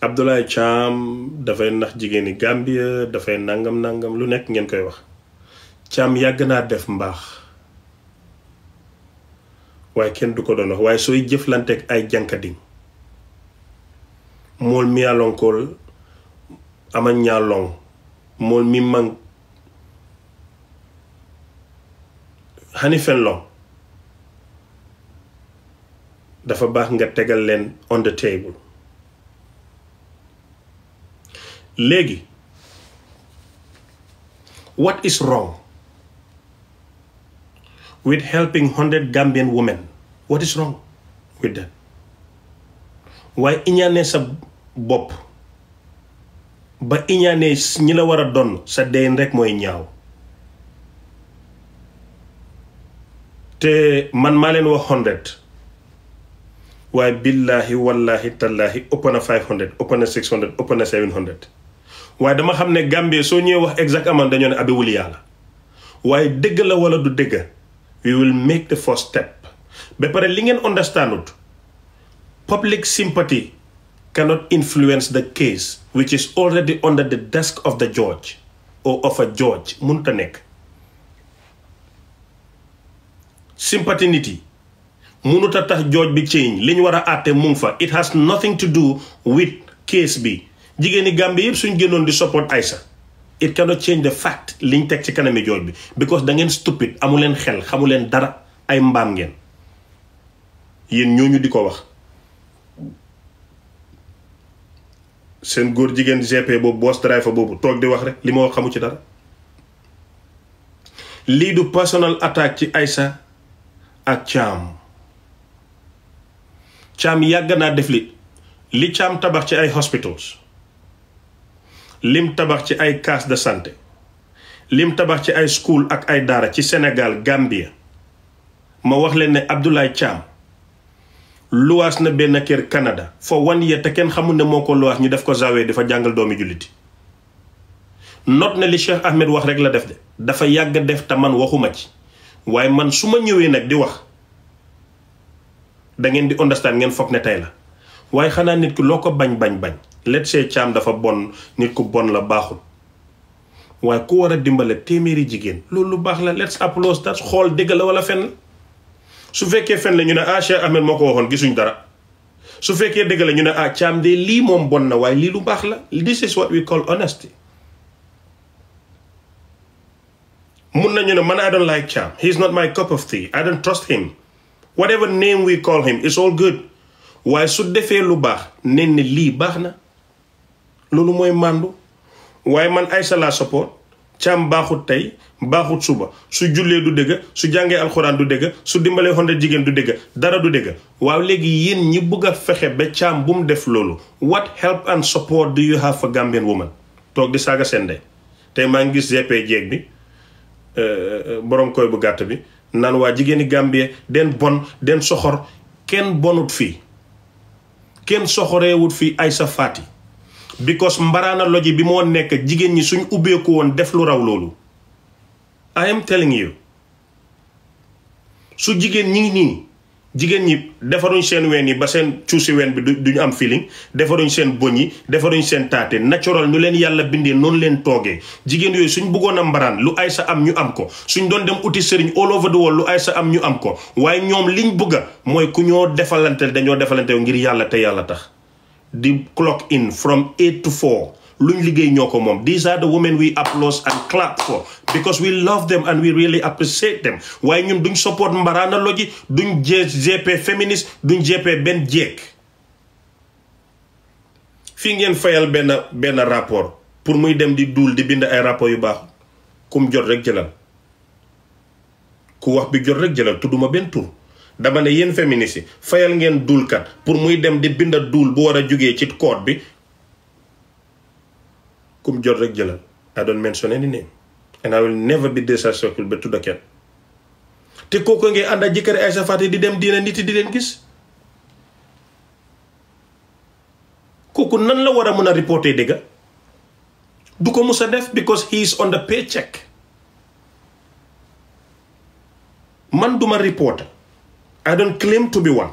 Abdoulaye Thiam dafay nax jigéen ñi Gambia dafay nangam nangam lu nekk ngeen koy wax Thiam yàgg naa def mbaax waaye kenn du ko doon wax waaye sooy jëflanteeg ay jankadin mool mi ama ñaalong mool mi mang xani fen dafa baax nga tegal leen on table léegi what is wrong with helping hundred Gambian women what is wrong waaye iñaanee sa bopp ba iñaanee ñi la war a donn sa deyin rek mooy ñaaw te man maa leen wax hundred waaye billaahi wallaahi tallaahi ëpp na five hundred ëpp na six hundred ëpp na seven hundred waaye dama xam ne Gambie soo ñëwee wax exact aman dañoo ne abi yàlla waaye dëgg la wala du dëgg we will make the first step ba pare li ngeen understandut public sympathy cannot influence the case which is already under the desk of the judge or of a judge munta nekk sympathy nit yi munut a tax judge bi change li war a àtte mu fa it has nothing to do with case bi jigéeni Gambie yëpp suñ génnoon di support Aïssa it cannot change the fact liñ teg ci kanami jooj bi because dangeen ngeen stupid amu leen xel xamu leen dara ay mbaam ngeen yéen ñooñu di ko wax seen góor jigéen GP boobu boss driver boobu toog di wax rek li ma xamu ci dara lii du personal attaque ci Aïssa ak Caam Caam yàgg naa def li li Caam tabax ci ay hospitals lim tabax ci ay case de santé lim tabax ci ay school ak ay daara ci Sénégal Gambia ma wax leen ne Abdoulaye Thiam luwaas na benn kër kanada fo wan ye te kenn xamul ne moo ko luwaas ñu def ko zawe dafa jàngal doomi julliti not na li Cheikh Ahmed wax rek la def de dafa yàgg def te man waxuma ci waaye man su ma ñëwee nag di wax dangeen di understand ngeen foog ne tey la waaye xanaa nit ki loo ko bañ bañ bañ let's say Thiam dafa bon nit ku bon la baaxul waaye ku war a dimbale téeméeri jigéen loolu lu baax la let's applause that xool dëgg la wala fenn su fekkee fen la ñu ne ah Cheikh Ahmed moo ko waxoon gisuñ dara su fekkee dëgg la ñu ne ah Thiam de lii moom bon na waaye lii lu baax la this is what we call honesty mun nañu ne man I don't like Thiam he is not my cup of tea I don't trust him whatever name we call him it's all good waaye su defee lu baax nen lii baax na loolu mooy màndu waaye man Aïcha laa support Thiam baaxut tey baaxut suba su jullee du dëgg su jàngee alxuraan du dëgg su dimbalee xonde jigéen du dëgg dara du dëgg waaw léegi yéen ñi bëgg a fexe ba Thiam bu mu def loolu what help and support do you have for Gambian woman toog di saaga seen tey maa ngi gis GP jeeg bi euh, euh, borom koy bu gàtt bi naan waa jigéeni Gambie den bon den soxor kenn bonut fii kenn soxoreewut fii Aïcha Fati because mbaraana loji bi moo nekk jigéen ñi suñ ubbeeku woon def lu raw loolu I am telling su jigéen ñi ngi nii jigéen ñi defaruñ seen ween yi ba seen cuusi ween bi du duñu am feeling defaruñ seen boñ yi defaruñ seen taate natural ñu leen yàlla bindee noonu leen toogee jigéen yooyu suñ buggoon a mbaraan lu ay sa am ñu am ko suñ doon dem uti sëriñ all over the lu ay sa am ñu am ko waaye ñoom liñ bëgg a mooy ku ñoo defalante dañoo defalante ngir yàlla te yàlla tax di clock in from eight to four luñ liggéey ñoo ko moom these are the women we applaud and clap for because we love them and we really appreciate them waaye ñun duñ support mbaraana loji duñ gp féministe duñ gp benn jeeg fii ngeen fayal benn benn rapport pour muy dem di duul di bind ay rapport yu baax kum jot rek jëlal ku wax bi jot rek jëlal tudduma benn tur dama ne yéen féministes yi fayal ngeen duulkat pour muy dem di binda duul bu war a jógee ci code bi kum jot rek jëlal I don't mention any name and I will never be disrespectful ba tudd kenn te kooku ngay ànd ak jëkkër Aisha Fatty di dem diina nit di leen gis kooku nan la war a mën a reporter dëgga du ko mus a def because he is on the paycheck man duma reporter I don't claim to be one.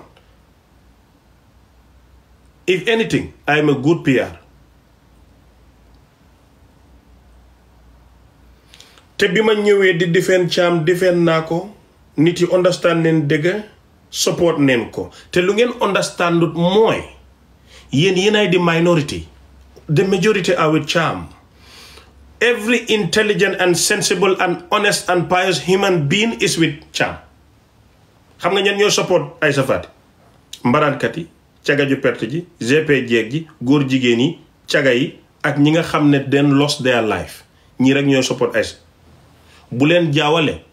If anything, I am a good PR. te bi ma ñëwee di defeen caam defeen naa ko nit yi understand neen support neen ko te lu ngeen understandut mooy yéen yéenaay di minority the majority are with caam every intelligent and sensible and honest and pious human being is with caam xam nga ñen ñoo soppoon Aïcha Fati mbaraankat yi caga perte ji gp jeeg ji góor jigéen yi caga yi ak ñi nga xam ne den lost their life ñii rek ñoo support Aïssa bu leen jaawale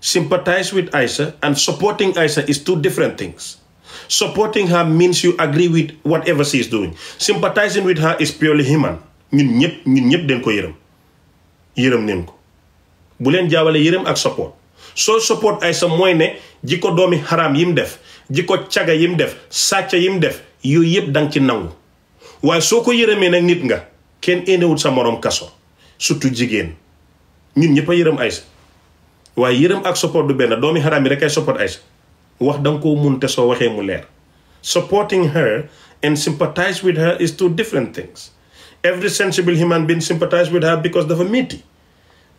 sympathize with Aïssa and supporting Aïssa is two different things supporting her means you agree with whatever she is doing sympathizing with her is purely human ñun ñëpp ñun ñëpp den ko yërëm yërëm neen ko bu leen jaawale yërëm ak support soo support ay sa mooy ne jikko doomi xaraam yi mu def jikko caga yi mu def sàcca yi mu def yooyu yëpp danga ci nangu waaye soo ko yërëmee nag nit nga kenn éenewul sa moroom kaso surtout jigéen ñun ñëpp a yërëm aysa waaye yërëm ak support du benn doomi xaraam yi rek ay support aysa wax danga ko mun te soo waxee mu leer supporting her and sympathize with her is two different things every sensible human being sympathize with her because dafa metti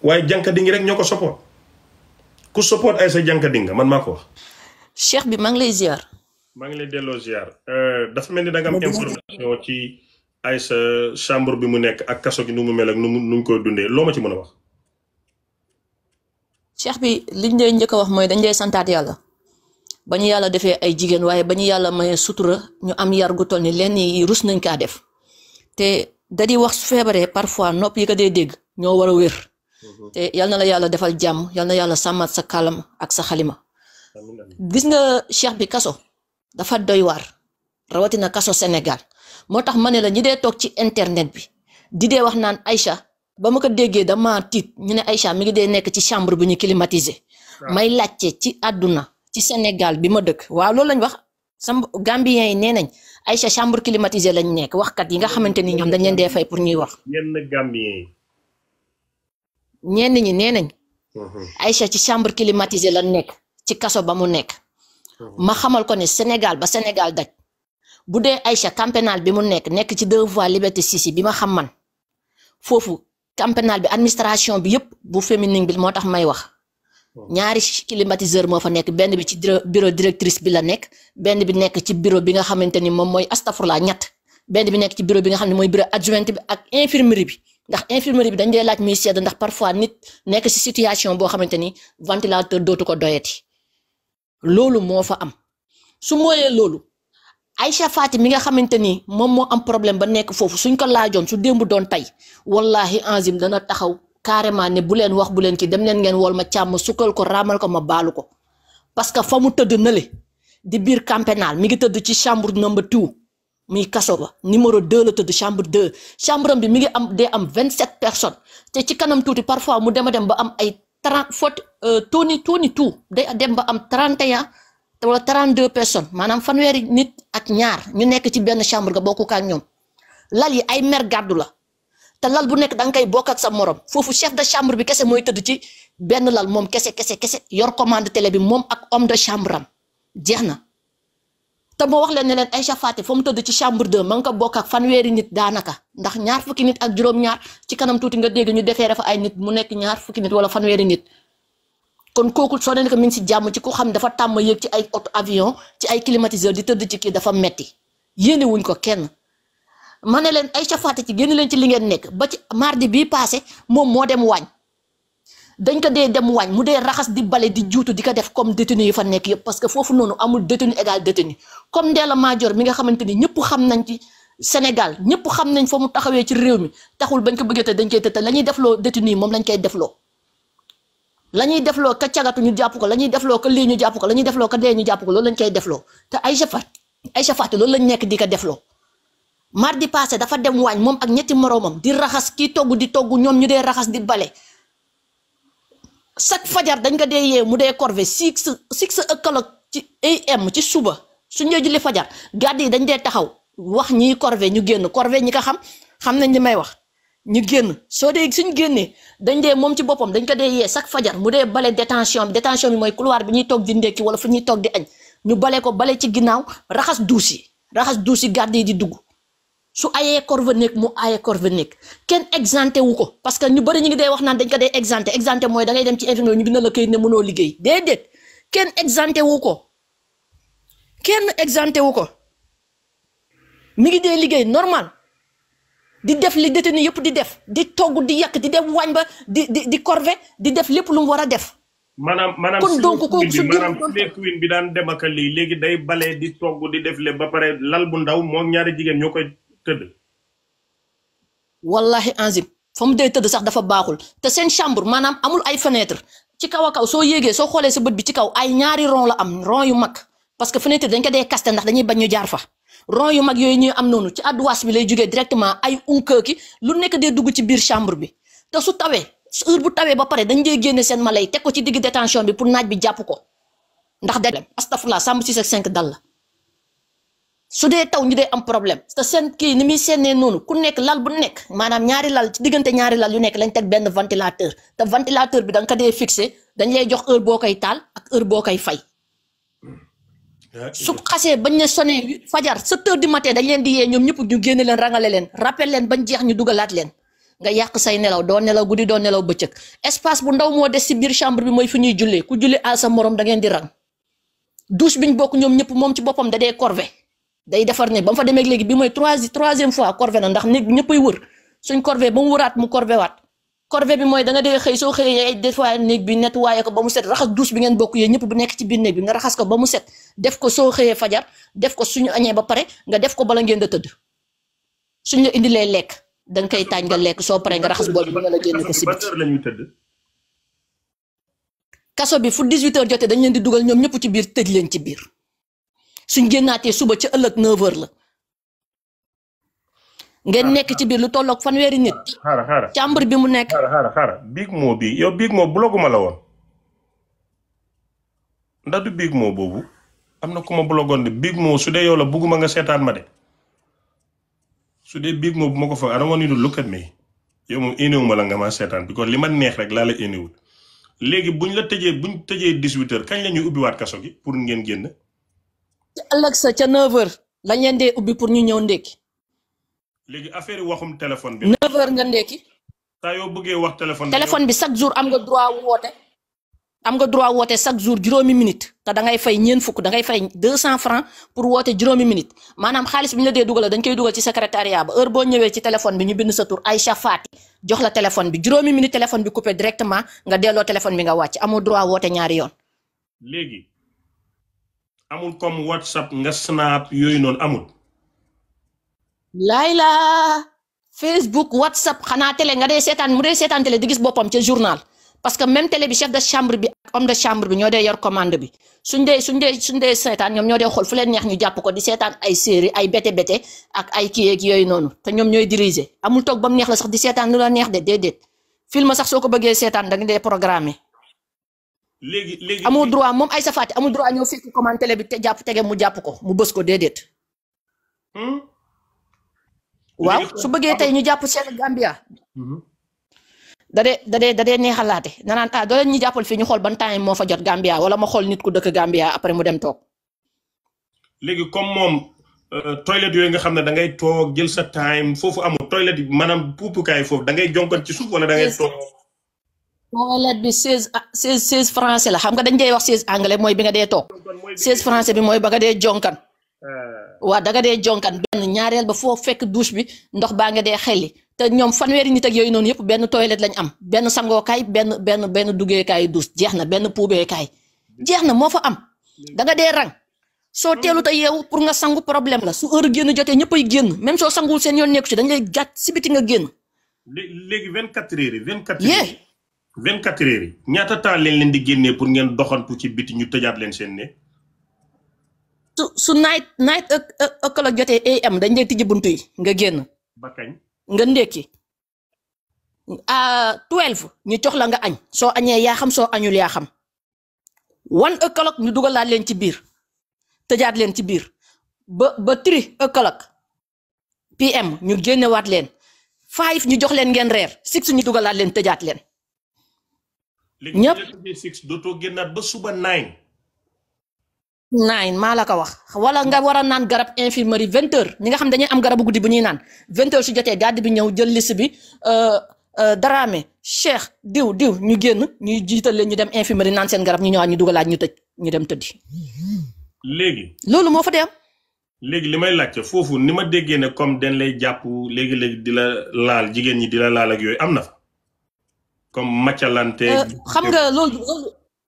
waaye jànka di rek ñoo ko support ku support ay sa jànka dinga man maa ko wax. cheikh bi maa lay ziar. maa ngi lay delloo ziar euh, dafa mel ni da nga am information ci ay sa chambre bi mu nekk ak kaso gi nu mu mel ak nu mu nu mu koy dundee loo ma ci mën a wax. cheikh bi liñ lay njëkk a wax mooy dañ lay santaat yàlla ba ñu yàlla defee ay jigéen waaye ba ñu yàlla maye sutura ñu am yar gu toll ni lenn yi rus nañ kaa def te da wax su feebaree parfois nopp yi ko dee dégg ñoo war a wér. Mhm. te yal na la yàlla defal jàmm yal na yàlla sàmmat sa kalama ak sa xalima gis nga cheikh bi kaso dafa doy waar rawatina kaso Sénégal moo tax ma ne la ñi dee toog ci internet bi di dee wax naan Aïcha ba ma ko déggee dama tiit ñu ne Aïcha mi ngi dee nekk ci chambre bu ñu climatisé may laajte ci àdduna ci Sénégal bi ma dëkk waaw loolu lañ wax sam Gambien yi nee nañ Aïcha chambre climatisée lañ nekk waxkat yi nga xamante ni ñoom dañ leen dee fay pour ñuy wax ñenn ñi nee nañ. Mhm. Aïcha ci chambre climatisée la nekk ci kaso ba mu nekk. Mhm. ma xamal ko ne Sénégal ba Sénégal daj. bu dee Aïcha camp pénal bi mu nekk nekk ci deux voies liberté six bi ma xam man foofu camp bi administration bi yëpp bu féminine bi moo tax may wax mhm. ñaari climatiseur moo fa nekk benn bi ci bureau directrice bi la nekk benn bi nekk ci bureau bi nga xamante ni moom mooy astafurla ñett benn bi nekk ci bureau bi nga xam ne mooy bureau adjointe bi ak infirmerie bi ndax infirmerie bi dañ dee laaj muy sedd ndax parfois nit nekk ci situation boo xamante ni ventilateur dootu ko doyati loolu moo fa am su mooyee loolu Aïcha Fati mi nga xamante ni moom moo am problème ba nekk foofu suñ ko laajoon su démb doon tey wallahi enzim dana taxaw carrément ne bu leen wax bu leen kii dem leen ngeen wol ma càmm sukkal ko raamal ko ma baalu ko parce que fa mu tëdd nële di biir camp pénal mi ngi tëdd ci chambre number two muy kaso ba numéro 2 la tëdd chambre 2 chambre bi mu ngi am dee am 27 personnes te ci kanam tuuti parfois mu dem a dem ba am ay trent faute tuuni tuuni tout day dem ba am trent 31 wala 32 personnes maanaam fanweeri nit ak ñaar ñu nekk ci benn chambre nga bokku ak ñoom lal yi ay mer gàddu la te lal bu nekk da nga koy bokk ak sa morom foofu chef de chambre bi kese mooy tëdd ci benn lal moom kese kese kese yor commande télé bi moom ak homme de am jeex na. te ma wax leen ne leen Aïcha Faty fa mu tëdd ci chambre 2 ma ko bokk ak fanweeri nit daanaka ndax ñaar fukki nit ak juróom-ñaar ci kanam tuuti nga dégg ñu defeere fa ay nit mu nekk ñaar fukki nit wala fanweeri nit kon kooku soo ne ko mi ngi si jàmm ci ku xam dafa tàmm yéeg ci ay auto avion ci ay climatiseur di tëdd ci kii dafa metti yéene wuñ ko kenn ma ne leen Aïcha Faty ci génn leen ci li ngeen nekk ba ci mardi bi passé moom moo dem waañ dañ ko dee dem wàññ mu dee raxas di bale di juutu di ko def comme détenu yi fa nekk yëpp parce que foofu noonu amul détenu égal détenu comme Ndella Madior mi nga xamante ni ñëpp xam nañ ci Sénégal ñëpp xam nañ fa mu taxawee ci réew mi taxul bañ ko bëggee te dañ koy tëtal la ñuy defloo détenu yi moom lañ koy defloo la ñuy defloo ka cagatu ñu jàpp ko la ñuy defloo ka lii ñu jàpp ko la ñuy defloo ka dee ñu jàpp ko loolu lañ koy defloo te Aïcha Faty Aïcha Faty loolu lañ nekk di ko defloo mardi passé dafa dem waañ moom ak ñetti moroomam di raxas kii togg di togg ñoom ñu dee raxas di bale chaque fajar dañ ko dee yee mu dee corvée six six o'clock ci am ci suba suñ dee julli fajar gàdd yi dañ dee taxaw wax ñiy corvée ñu génn corvée ñi ko xam xam nañ li may wax ñu génn soo dee suñ génnee dañ dee moom ci boppam dañ ko dee yee chaque fajar mu dee bale détention bi détention bi mooy couloir bi ñuy toog di ndekki wala fu ñuy toog di añ ñu bale ko bale ci ginnaaw raxas duus yi raxas duus yi gàdd yi di dugg su ayee nekk mu ayee nekk kenn exempté wu ko parce que ñu bëri ñu ngi dee wax naan dañ ko dee exempté exempté mooy da dem ci infirmier ñu bindal la këyit ne mënoo liggéey déedéet kenn exempté wu ko kenn exempté wu ko mu ngi dee liggéey normal di def li détenu yëpp di def di togg di yàq di def waañ ba di di di corvée di def lépp lu mu war a def. maanaam maanaam kon donc ko su maanaam suñu bi daan dem ak lii léegi day bale di togg di def le ba pare lal bu ndaw moom ñaari jigéen ñoo koy. tëdd. wallahi anzib fa mu dee tëdd sax dafa baaxul te seen chambre maanaam amul ay fenêtre ci kaw a kaw soo yéegee soo xoolee sa bët bi ci kaw ay ñaari ron la am ron yu mag parce que fenêtre dañ ko dee kaste ndax dañuy bañ ñu jaar fa ron yu mag yooyu ñuy am noonu ci adduwaas bi lay jógee directement ay unkee lu nekk dee dugg ci biir chambre bi te su tawee heure bu tawee ba pare dañ dee génne seen mala yi teg ci digg détention bi pour naaj bi jàpp ko ndax de astafurlah sàmm si sa cinq dal la su dee taw ñu dee am problème sa seen kii ni muy seennee noonu ku nekk lal bu nekk maanaam ñaari lal ci diggante ñaari lal yu nekk lañ teg benn ventilateur te ventilateur bi danga nga ko dee fixé dañ lay jox heure boo koy taal ak heure boo koy fay su xasee bañ ne sonné fajar sa heures du matin dañ leen di yee ñoom ñëpp ñu génne leen rangale leen rappel leen bañ jeex ñu dugalaat leen nga yàq say nelaw doo nelaw guddi doo nelaw bëccëg espace bu ndaw moo des si biir bi mooy fi ñuy jullee ku julli sa morom da ngeen di rang douche biñ bokk ñoom ñëpp moom ci boppam da dee day defar ne ba mu fa demee léegi bi mooy trois troisième fois corvée na ndax nit ñëppay wër suñ corvée ba mu wëraat mu corvée waat corvée bi mooy da nga dee xëy soo xëyee des fois néeg bi nettoyé ko ba mu set raxas douche bi ngeen bokk yéen ñëpp bu nekk ci biir néeg bi nga raxas def ko soo xëyee fajar def ko suñu añee ba pare nga def ko bala ngeen da tëdd suñ la indilee lekk da koy taañ lekk soo paree nga raxas bool bi ba nga la génn ko si biti kaso bi fu 18 heures jotee dañ leen di dugal ñoom ñëpp ci biir tëj leen ci biir suñ génnaatee suba ci ëllëg 9h la. ngeen nekk ci biir lu fan fanweeri nit. xaaral xaaral bi mu nekk. biig moo bi moo bloguma la woon. ndax du biig moo boobu am na ku ma blogoon de biig moo su dee yow la bugguma nga seetaan ma de su dee biig moo bu ma ko fa I don't want you to look at me yow moom éneewu la nga ma seetaan because li ma neex rek laa la éneewul léegi buñ la tëjee bu buñ tëjee 18h kañ la ñuy ubbiwaat kaso gi pour ngeen génn. ëllëg sa ca 9h lañ leen ubbi pour ñu ñëw ndékki. léegi affaire waxum téléphone bi. 9h nga ndékki. wax téléphone. téléphone bi chaque jour am nga droit woote. am nga droit woote chaque jour juróomi minute te da ngay fay ñeen fukk da ngay fay 200 francs pour woote juróomi minute maanaam xaalis bi ñu dee dugal dañ koy dugal ci secrétariat ba heure boo ñëwee ci téléphone bi ñu bind sa tur Aïcha Fati jox la téléphone bi juróomi minute téléphone bi coupé directement nga delloo téléphone bi nga wàcc amoo droit woote ñaari yoon. léegi amul comme whatsapp nga snap yooyu noonu amul. laay laa Facebook whatsapp xanaa télé nga dee seetaan mu dee seetaan télé di gis boppam ca journal parce que même télé bi chef de chambre bi ak de chambre bi ñoo dee yor commande bi suñ dee suñ dee suñ dee seetaan ñoom ñoo dee xool fu leen neex ñu jàpp ko di seetaan ay série ay bete bete ak ay kii yeeg yooyu noonu te ñoom ñooy diriger amul toog ba mu neex la sax di seetaan lu la neex de déedéet film sax soo ko bëggee seetaan da nga dee léegi léegi amul droit moom ay Faty amul droit ñëw fekk commande télé bi te jàpp tegee mu jàpp ko mu bës ko déedéet. Hmm? waaw su bëggee tey ñu jàpp seen ak hmm. da dee da dee da dee neexalaate nanaan ah doo ñu jàppal fii ñu xool ban temps moo fa jot Gambia wala ma xool nit ku dëkk Gambia après mu dem toog. léegi comme moom euh, toilette yooyu nga xam ne da ngay toog jël sa time foofu amul toilette yi maanaam puupukaay foofu da ngay jonkoon ci suuf wala da ngay toog. toilette bi seize uh, seize seize français la xam nga dañ dee wax seize anglais mooy bi nga dee toog seize français bi mooy ba nga dee jonkan eh. waa da nga dee jonkan benn ñaareel ba foo fekk douche bi ndox baa nga dee xelli te ñoom fanweeri nit ak yooyu noonu yëpp benn toilette lañ am benn sangookaay benn benn benn duggeekaay douche jeex na benn puubeekaay jeex na moo fa am da nga dee rang soo hmm. teelu te yeewu pour nga sangu problème la su heure génn jotee ñëpp ay génn même soo sangul seen yoon nekku ci dañ lay gàtt si biti nga génn léegi vingt-quatre heures vingt quatre heures ñaata temps leen leen di génnee pour ngeen doxantu ci biti ñu tëjaat leen seen ne su su night night o'clock jotee am dañ lay tijji buntu yi nga génn ba kañ nga ndékki twelve ñu jox la nga añ soo añee yaa xam soo añul yaa xam one o'clock ñu dugalaat leen ci biir tëjaat leen ci biir ba ba three o'clock pm ñu génnewaat leen five ñu jox leen ngeen reer six ñu dugalaat leen tëjaat leen ñëpp léegi dootoo génnaat ba suba nine. nine maa la ko wax wala nga war a naan garab infirmerie vingt heures ñi nga xam dañuy am garabu guddi bu ñuy naan vingt heures su jotee garde bi ñëw jël liste bi. Euh, euh, daraame Cheikh diw diw ñu génn ñuy jiital leen ñu dem infirmerie naan seen garab ñu ñëwaat ñu dugalaat ñu tëj ñu dem tëddi. léegi. loolu moo fa dee am. léegi li may laajte foofu ni ma déggee ne comme dañ lay jàpp léegi léegi di la laal jigéen ñi di la laal yooyu am na comme maccalante euh, xam nga loolu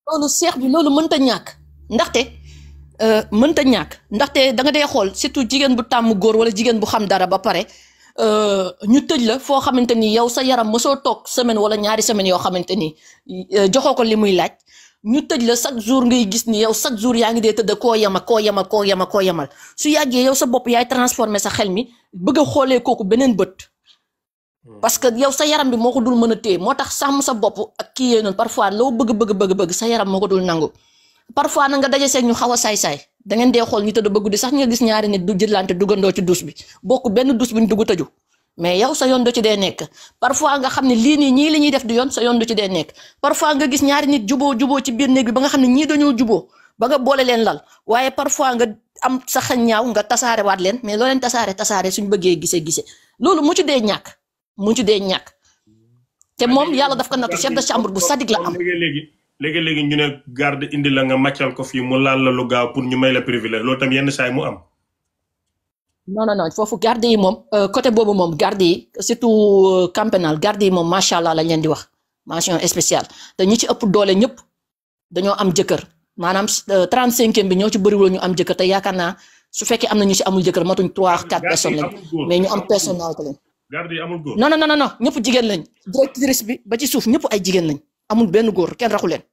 loolu seex bi loolu mënta ñàkk ndaxte euh, mënta ñàkk ndaxte da nga dee xool surtout jigéen bu tàmm góor wala jigéen bu xam dara ba pare euh, ñu tëj la foo xamante ni yow sa yaram mosoo toog semaine wala ñaari semaine yoo xamante ni joxoo ko li muy laaj ñu tëj la chaque jour ngay gis ni yow chaque jours yaa ngi dee tëdd koo yema koo yema koo yema koo yamal su yàggee yow sa bopp yaay transformé sa xel mi bëgg xoolee kooku beneen bët Hmm. parce que yow sa yaram bi moo ko dul mën a téye moo tax sàmm sa bopp ak kii yee noonu parfois loo bëgg bëgg bëgg bëgg sa moo ko dul na nga daje seeg ñu xaw a saay-saay da ngeen dee xool ñu tëdd ba guddi sax nga gis ñaari nit du jëlante duggandoo ci douche bi bokk benn douche bi ñu dugg yoon du ci dee nekk parfois nga xam ne lii nii ñii li ñuy def du yoon sa yoon du ci dee nekk parfois nga gis ñaari nit juboo juboo ci biir néeg bi ba ne ñii dañoo juboo ba nga boole leen lal waaye parfois nga am sax ñaaw nga tasaarewaat leen mais loo leen tasaare tasaare suñ bëggee gise gise loolu mu ci dee ñàkk mu ci dee ñàkk te moom yàlla daf ko nattu chef de chambre bu sadique la am. léegi léegi ñu ne garde indi la nga màccal ko fii mu laal la lu gaaw pour ñu may la privilège loolu tam yenn saay mu am. non non non foofu garde yi moom euh, côté boobu moom garde yi surtout euh, camp pénal garde yi moom macha allah lañ leen di wax mention spéciale te ñi ci ëpp doole ñëpp dañoo am jëkkër maanaam 35e euh, bi ñoo ci bëriwul ñu am jëkkër te yaakaar naa su fekkee am na ñu ci amul jëkkër matuñ 3 4 personnes lañ mais ñu am garde yi amul góor non non non ñëpp jigéen lañ directrice bi ba ci suuf ñëpp ay jigéen lañ amul benn góor kenn raxu leen.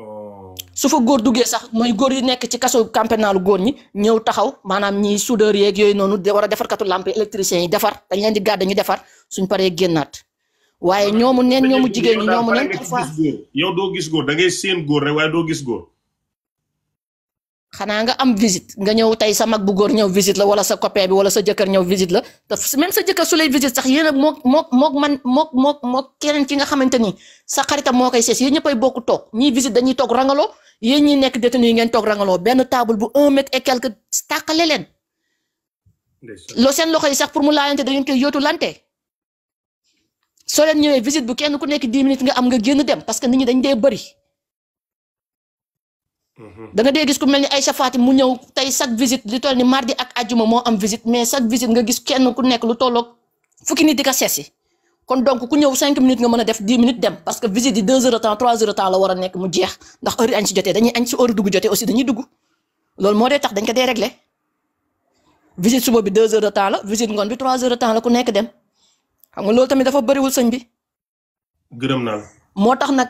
Oh. su fa góor duggee sax mooy góor yu nekk ci kaso campénalu góor ñi ñëw taxaw maanaam ñi soudeur yeeg yooyu noonu war a defarkatu làmp électriciens yi defar dañ leen di gàdd defar suñ paree génnaat. waaye ñoomu neen ñoomu jigéen ñi ñoomu neen. yow doo gis góor da ngay seen góor rek waaye doo gis góor. xanaa nga am visite nga ñëw tey sa mag bu góor ñëw visite la wala sa copain bi wala sa jëkkër ñëw visite la te même sa jëkkër su lay visite sax yéen a mook mook mook man mook mook ki nga xamante ni sa xaritam moo koy sees yéen ñëppay bokk toog ñiy visite dañuy toog rangaloo yéen ñi nekk détenu yi ngeen toog rangaloo benn table bu un mètre et quelque tàqale leen loo seen loxo sax pour mu laayante dañu ngeen koy yóotu lante soo leen ñëwee visite bu kenn ku nekk dix minutes nga am nga genn dem parce que ni ñi dañ dee bëri Mm-hmm. da nga dee gis ku mel ni Aïcha Fatim mu ñëw tey chaque visite li toll ni mardi ak ajjuma moo am visite mais chaque visite nga gis kenn ku nekk lu tolloog fukki nit di ko seesi kon donc ku ñëw cinq minutes nga mën a def dix minutes dem parce que visite yi deux heures de temps trois heures de temps la war a nekk mu jeex ndax heure añ si jotee dañuy añ si heure dugg jotee aussi dañuy dugg loolu moo dee tax dañ ko dee régler visite suba bi deux heures de temps la visite ngoon bi trois heures de ku nekk dem xam nga loolu tamit dafa bëriwul sëñ bi. gërëm naa moo tax nag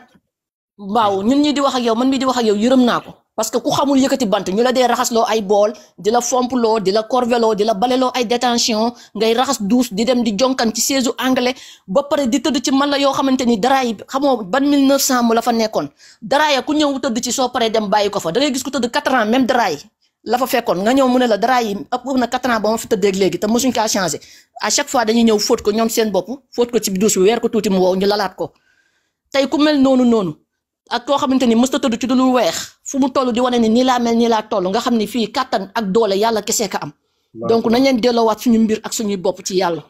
waaw ñun ñi di wax ak yow man mii di wax ak yow yërëm naa ko parce que ku xamul yëkkati bant ñu la dee raxasloo ay bool di la fomploo di la korveloo di la baleloo ay détention ngay raxas douche di dem di jonkan ci siège anglais ba pare di tëdd ci man la yoo xamante ni dara yi xamoo ban 1900 mu la fa nekkoon dara ya ku ñëw tëdd ci soo paree dem bàyyi ko fa da ngay gis ku tëdd 4 ans même dara yi la fa fekkoon nga ñëw mu ne la dara yi ëpp na 4 ba ma fi tëddeeg léegi te mosuñ kaa changé à chaque fois ñëw fóot ko ñoom seen bopp fóot ko ci douche bi weer ko tuuti mu ko tey ku mel noonu noonu ak koo xamante ni mës ta tëdd ci du lu weex fu mu toll di wone ni nii laa mel nii laa toll nga xam ni fii kàttan ak doole yàlla kese ka am. donc nañ leen delloowaat suñu mbir ak suñuy bopp ci yàlla.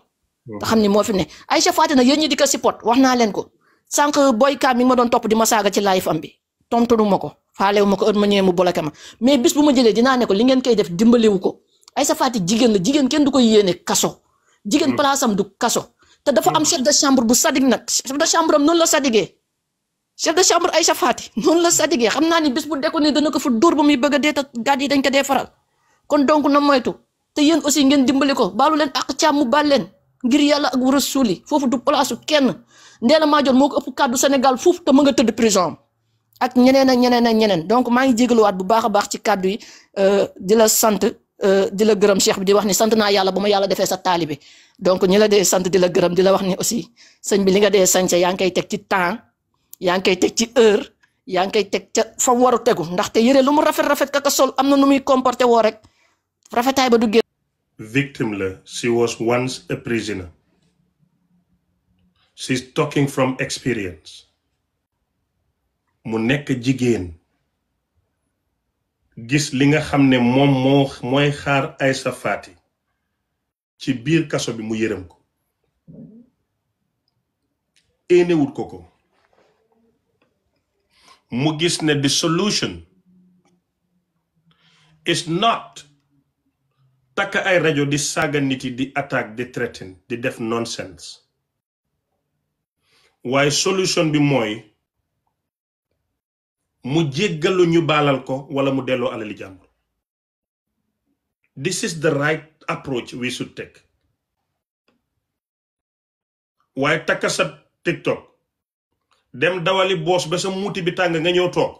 nga xam ni moo fi ne ay Faty nag yéen ñi di ko support wax naa leen ko sànq boykaam mi ma doon topp di ma saaga ci live am bi tontunu ma ko faalewu ma ko heure ma ñëwee mu bloqué ma mais bis bu ma jëlee dinaa ne ko li ngeen koy def dimbaliwu ko Aïcha Faty jigéen la jigéen kenn du ko yéene kaso. jigéen hmm. place am du kaso. te dafa hmm. am chef de chambre bu sadig nag chef de chambre am noonu la chef de chambre Aïcha Fati noonu la Sadik yi xam naa ni bis bu dekkoon ne dana ko fa dóor ba muy bëgg a dee te gàtt yi dañ dee faral kon donc na moytu te yéen aussi ngeen dimbali ko baalu leen ak caam mu baal leen ngir yàlla ak suuli foofu du palaasu kenn Ndella Madior moo ko ëpp kàddu Sénégal foofu te mën nga tëdd prison ak ñeneen ak ñeneen ak ñeneen donc maa ngi jégaluwaat bu baax a baax ci kàddu yi euh, di la sant euh, di la gërëm cheikh bi di wax ni sant naa yàlla ba ma yàlla defee sa taalibe donc ñi la dee sant di la gërëm di la wax ni aussi sëñ bi li nga dee sànce yaa ngi koy teg ci temps yaa ngi koy teg ci heure yaa ngi koy teg ca fa mu war a tegu ndaxte yére lu mu rafet rafet kaka sol am na nu muy comporté woo rek rafetaay ba du génn. victim la she was once a prisoner. she's talking from experience. mu nekk jigéen. gis li nga xam ne moom moo mooy xaar Aïssa Fati ci biir kaso bi mu yërëm ko. éenewut ko ko. mu gis ne the solution is not takk ay rajo di saaga nit yi di attaque di threaten di def nonsense waaye solution bi mooy mu jéggalu ñu baalal ko wala mu delloo alali jàmbur this is the right approach we should take waaye takk sa TikTok dem dawali boos ba sa muuti bi tàng nga ñëw toog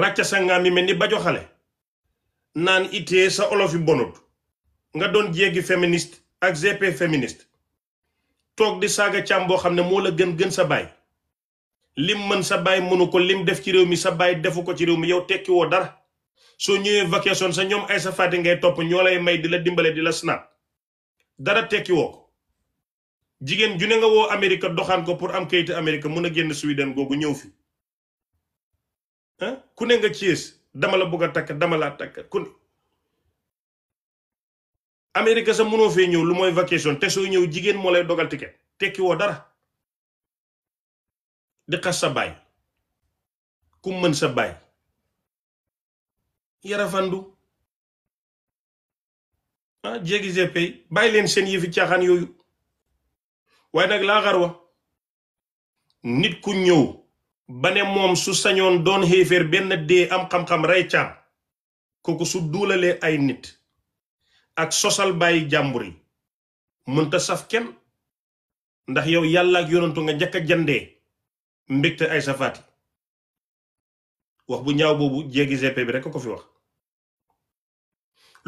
ràcca sangaam yi mel ni bajo xale naan itee sa olof yi bonut nga doon jéegi féministe ak gp féministe toog di saaga càmm boo xam ne moo la gën gën sa baay lim mën sa baay mënu ko lim def ci réew mi sa baay defu ko ci réew mi yow tekkiwoo dara soo ñëwee vacation sa ñoom ay sa faati ngay topp ñoo lay may di la dimbale di la snap dara tekkiwoo jigéen ju ne nga woo amerika doxaan ko pour am kayitu Amérique mun a génn Sweden googu ñëw fi ah ku ne nga Thiès dama la bugg a takk dama la takk ku ne sa mënoo fee ñëw lu mooy vacation te soo ñëw jigéen moo lay dogal ticket tekki woo dara di xas sa baay ku mën sa baay yarafandu ah jéegi GP bàyyi leen seen yëfi caaxaan yooyu. waaye nag laa xar nit ku ñëw ba ne moom su sañoon doon xéeféer benn dee am xam-xam rey caam kooku su duulalee ay nit ak sosal bàyyi jàmbur yi mënta saf kenn ndax yow yàlla ak yonantu nga njëkk a jandee mbégte ay safaati wax bu ñaaw boobu jéegi gp bi rek ko fi wax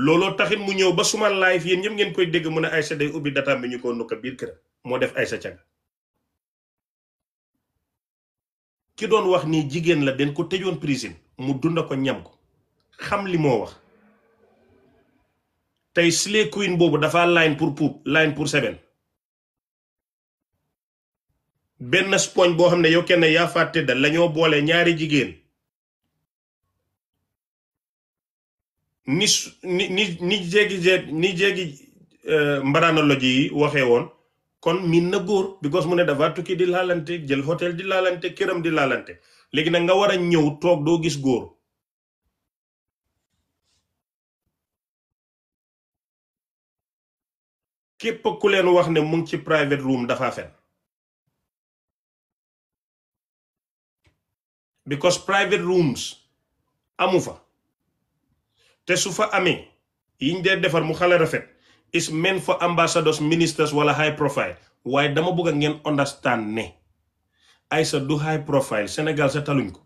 looloo taxit mu ñëw ba suma live yéen ñëpp ngeen koy dégg mu ne Aïcha day ubbi dataam bi ñu ko nukka biir këram moo def Aïssa Thiaga ki doon wax ni jigéen la den ko tëjoon prison mu dunda ko ñam ko xam li moo wax tey slay queen boobu dafa line pour poup pour seben benn spoñ boo xam ne yow kenn yaa faa tëdda lañoo boole ñaari jigéen ni ni ni jéegi jéeg ni jéegi euh, mbaraanaloji yi waxee woon kon miin na góor because mu ne dafa tukki di laalante jël hôtel di laalante këram di laalante léegi nag nga war a ñëw toog doo gis góor képp ku leen wax ne mu ci private room dafa fen because private rooms amu fa te su fa amee yiñ dee defar mu xale rafet is meant for ambassadors ministers wala high profile waaye dama bëgg a ngeen understand ne ay sa du high profile Sénégal sa taluñ ko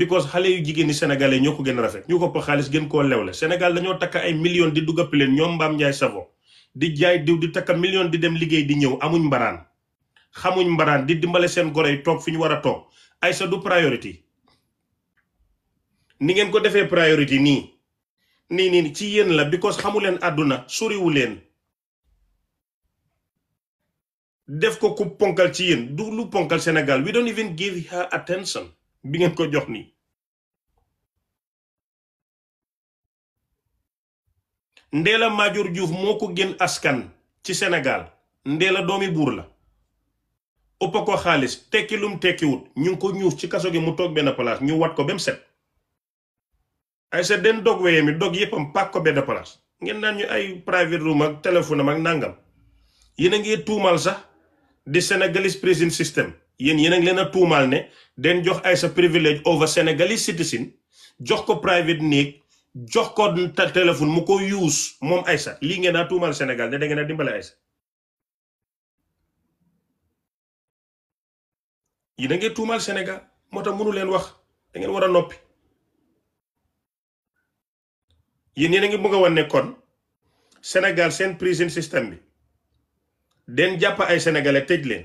because xale yu jigéen ñi sénégalais ñoo ko gën a rafet ñu ko xaalis gën koo lewle Sénégal dañoo takk ay million di dugg a pileen ñoom mbaam njaay savon di jaay diw di takk million di dem liggéey di ñëw amuñ mbaraan xamuñ mbaraan di dimbale seen goro yi toog fi ñu war a toog ay sa du priority ni ngeen ko defee priority nii nii nii ci la because xamu leen àdduna soriwu leen def ko ku ponkal ci yéen du lu ponkal Sénégal we don't even give her bi ngeen ko jox nii Ndella Madior Diouf moo ko gën askan ci Sénégal ndeela doomi buur la ëpp ko xaalis tekki lum tekkiwut ñu ngi ko ñuuf ci kaso gi mu toog benn place ñu wat ko ba set ay sa den dog weyami dog yëppam pak ko benn place ngeen naan ñu ay private room ak téléphone am ak nangam yéen a ngi tuumal sax di Senegalese prison system yéen yéen a ngi leen a tuumaal ne den jox ay sa privilege over Senegalese citizen jox ko private néeg jox ko téléphone mu ko use moom Aysa lii ngeen a tuumal senegal ne da ngeen a dimbale Aysa yi da ngeen tuumal Sénégal moo tax mënu leen wax dangeen ngeen war a noppi yéen nii a ngi bëgg a wan ne kon Sénégal seen prison système bi den jàpp ay sénégalais tëj leen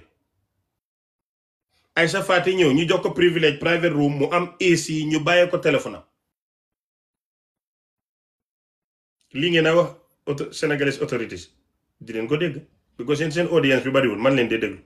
ay safaati ñëw ñu jox ko privilège private room mu am AC ñu bàyyee ko téléphone lii ngeen a wax auto sénégalais authorities di leen ko dégg because seen seen audience bi bariwul man leen dee déglu